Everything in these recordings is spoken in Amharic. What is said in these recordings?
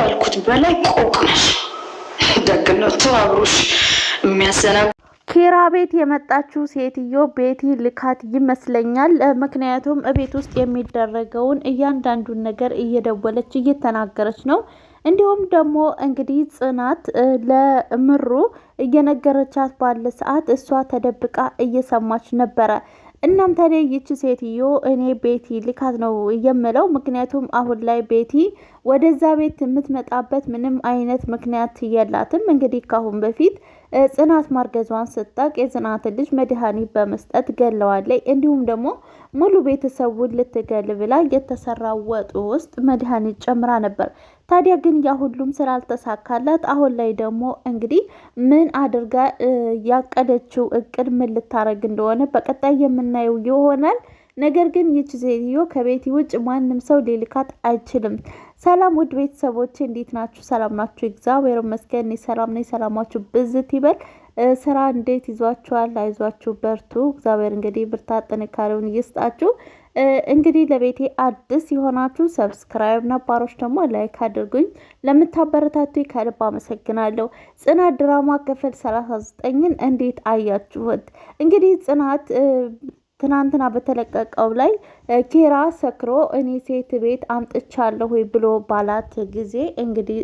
ያልኩት በላይ ቆቅነሽ ደግነቱ አብሮሽ የሚያሰና ኪራ ቤት የመጣችው ሴትዮ ቤቲ ልካት ይመስለኛል። ምክንያቱም ቤት ውስጥ የሚደረገውን እያንዳንዱን ነገር እየደወለች እየተናገረች ነው። እንዲሁም ደግሞ እንግዲህ ጽናት ለምሩ እየነገረቻት ባለ ሰዓት እሷ ተደብቃ እየሰማች ነበረ። እናም ታዲያ ይቺ ሴትዮ እኔ ቤቲ ልካት ነው የምለው። ምክንያቱም አሁን ላይ ቤቲ ወደዛ ቤት የምትመጣበት ምንም አይነት ምክንያት የላትም። እንግዲህ ካሁን በፊት ጽናት ማርገዟን ስታቅ የጽናትን ልጅ መድኃኒት በመስጠት ገለዋለች። እንዲሁም ደግሞ ሙሉ ቤተሰቡን ልትገል ብላ የተሰራ ወጡ ውስጥ መድኃኒት ጨምራ ነበር። ታዲያ ግን ያ ሁሉም ስራ ስላልተሳካላት አሁን ላይ ደግሞ እንግዲህ ምን አድርጋ ያቀደችው እቅድ ምን ልታረግ እንደሆነ በቀጣይ የምናየው ይሆናል። ነገር ግን ይች ሴትዮ ከቤት ውጭ ማንም ሰው ሊልካት አይችልም። ሰላም ውድ ቤተሰቦች እንዴት ናችሁ? ሰላም ናችሁ? እግዚአብሔር ይመስገን ሰላም ነኝ። ሰላማችሁ ብዝት ይበል። ስራ እንዴት ይዟችኋል? አይዟችሁ፣ በርቱ። እግዚአብሔር እንግዲህ ብርታት ጥንካሬውን ይስጣችሁ። እንግዲህ ለቤቴ አዲስ የሆናችሁ ሰብስክራይብ፣ ነባሮች ደግሞ ላይክ አድርጉኝ። ለምታበረታቱ ከልብ አመሰግናለሁ። ጽናት ድራማ ክፍል 39 ዘጠኝን እንዴት አያችሁት? እንግዲህ ጽናት ትናንትና በተለቀቀው ላይ ኪራ ሰክሮ እኔ ሴት ቤት አምጥቻለሁ ብሎ ባላት ጊዜ እንግዲህ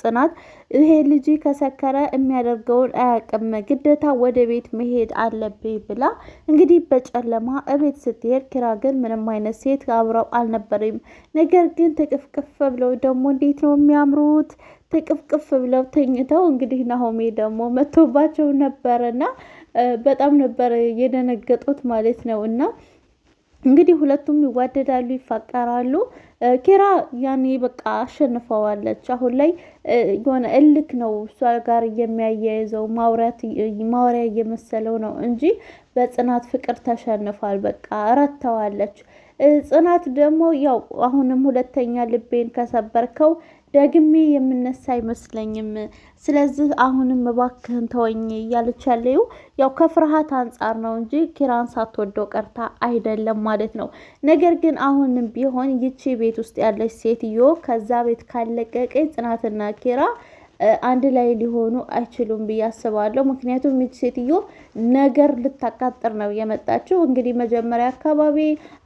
ጽናት ይሄ ልጅ ከሰከረ የሚያደርገውን አያቅም፣ ግዴታ ወደ ቤት መሄድ አለብኝ ብላ እንግዲህ በጨለማ እቤት ስትሄድ፣ ኪራ ግን ምንም አይነት ሴት አብረው አልነበረም። ነገር ግን ተቅፍቅፍ ብለው ደግሞ እንዴት ነው የሚያምሩት ተቅፍቅፍ ብለው ተኝተው እንግዲህ ናሆሜ ደግሞ መቶባቸው ነበረና በጣም ነበር የደነገጡት ማለት ነው እና እንግዲህ ሁለቱም ይዋደዳሉ፣ ይፋቀራሉ። ኬራ ያኔ በቃ አሸንፈዋለች። አሁን ላይ የሆነ እልክ ነው እሷ ጋር የሚያያይዘው ማውሪያ እየመሰለው ነው እንጂ በጽናት ፍቅር ተሸንፏል። በቃ ረተዋለች። ጽናት ደግሞ ያው አሁንም ሁለተኛ ልቤን ከሰበርከው ደግሜ የምነሳ አይመስለኝም። ስለዚህ አሁንም እባክህን ተወኝ እያለች ያለው ያው ከፍርሃት አንጻር ነው እንጂ ኪራን ሳትወደው ቀርታ አይደለም ማለት ነው። ነገር ግን አሁንም ቢሆን ይቺ ቤት ውስጥ ያለች ሴትዮ ከዛ ቤት ካለቀቀ ጽናትና ኪራ አንድ ላይ ሊሆኑ አይችሉም ብዬ አስባለሁ። ምክንያቱም ይች ሴትዮ ነገር ልታቃጥር ነው የመጣችው። እንግዲህ መጀመሪያ አካባቢ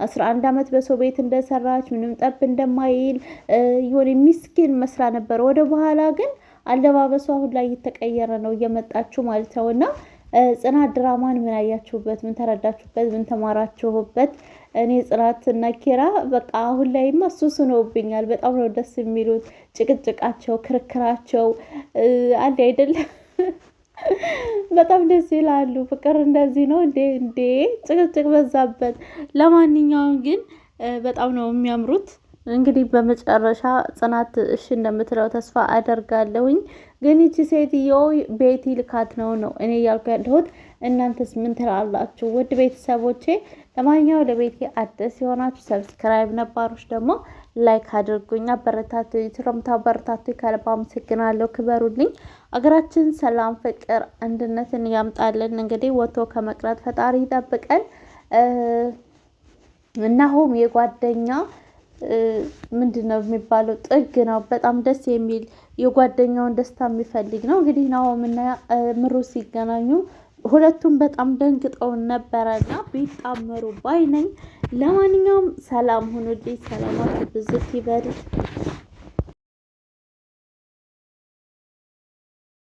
አስራ አንድ አመት በሰው ቤት እንደሰራች ምንም ጠብ እንደማይል የሆነ ሚስኪን መስላ ነበር። ወደ በኋላ ግን አለባበሷ አሁን ላይ እየተቀየረ ነው እየመጣችው ማለት ነው እና ጽናት ድራማን ምን አያችሁበት? ምን ተረዳችሁበት? ምን ተማራችሁበት? እኔ ጽናት እና ኪራ በቃ አሁን ላይማ ሱስ ሆኖብኛል። በጣም ነው ደስ የሚሉት ጭቅጭቃቸው፣ ክርክራቸው አንድ አይደለም። በጣም ደስ ይላሉ። ፍቅር እንደዚህ ነው እንዴ? እንዴ ጭቅጭቅ በዛበት። ለማንኛውም ግን በጣም ነው የሚያምሩት። እንግዲህ በመጨረሻ ጽናት እሺ እንደምትለው ተስፋ አደርጋለሁኝ። ግን ይቺ ሴትዮ ቤቲ ልካት ነው ነው እኔ እያልኩ ያለሁት። እናንተስ ምን ትላላችሁ? ውድ ቤተሰቦቼ፣ ለማንኛውም ለቤቴ አዲስ የሆናችሁ ሰብስክራይብ፣ ነባሮች ደግሞ ላይክ አድርጉኝ። አበረታቱ ትሮምታ አበረታቱ። ከልብ አመሰግናለሁ። ክበሩልኝ። አገራችን ሰላም፣ ፍቅር፣ አንድነትን ያምጣልን። እንግዲህ ወጥቶ ከመቅረት ፈጣሪ ይጠብቀን። እናሆም የጓደኛ ምንድን ነው የሚባለው ጥግ ነው። በጣም ደስ የሚል የጓደኛውን ደስታ የሚፈልግ ነው። እንግዲህ ናሆምና ምሩ ሲገናኙ ሁለቱም በጣም ደንግጠው ነበረና ቢጣመሩ ባይ ነኝ። ለማንኛውም ሰላም ሁኑልኝ። ሰላማት ብዝት ይበል።